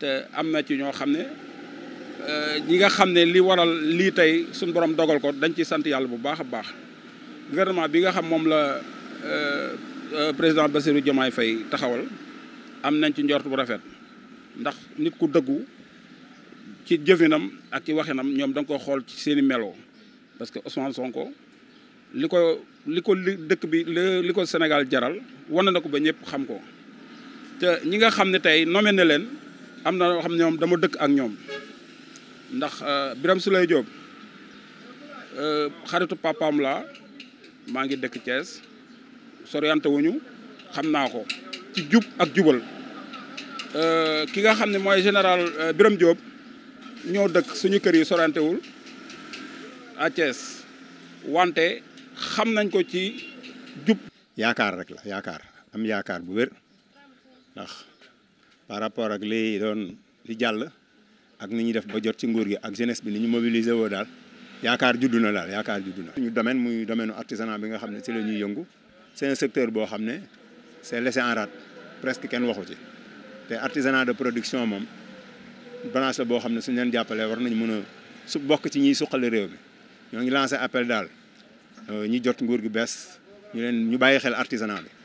te am na ci ñoo xam ne euh, ñi nga xam ne li waral lii tey suñ borom dogal ko dañ ci sant yàlla bu baax a baax gouvernement bi nga xam moom la euh, euh, président Bassirou Diomaye fay taxawal am nañ ci njort bu rafet ndax nit ku dëggu ci jëfinam ak ci waxinam ñoom da nga ko xool ci seeni melo parce que Ousmane Sonko li ko li ko li dëkk bi li ko Sénégal jaral wane na ko ba ñëpp xam ko te ñi nga xam ne tey nommé na leen am na loo xam ne ñoom dama dëkk ak ñoom ndax biram euh, Birame Souleye Diop euh, xaritu papaam la maa ngi dëkk Thiès soriante wuñu xam naa ko ci jub ak jubal euh, ki nga xam ne mooy général biram jóob ñoo dëkk suñu kër yi soriantewul à Thiès wante xam nañ ko ci jub. yaakaar rek la yaakaar am yaakaar bu wér ndax par rapport ak li doon li jàll ak ni ñuy def ba jot ci nguur gi ak jeunesse bi ni ñu mobiliser woo daal yaakaar juddu na daal yaakaar juddu na. ñu domaine muy domaine artisanat bi nga xam ne si la ñuy yëngu c'est secteur boo xam ne c'est laissé en rade presque kenn waxu ci te artisanat de production moom branche la boo xam ne suñu leen jàppalee war nañu mën a su bokk ci ñiy suqali réew mi ñoo ngi lancé appel daal. ñi jot nguur gi bees ñu leen ñu bàyyi xel artisanat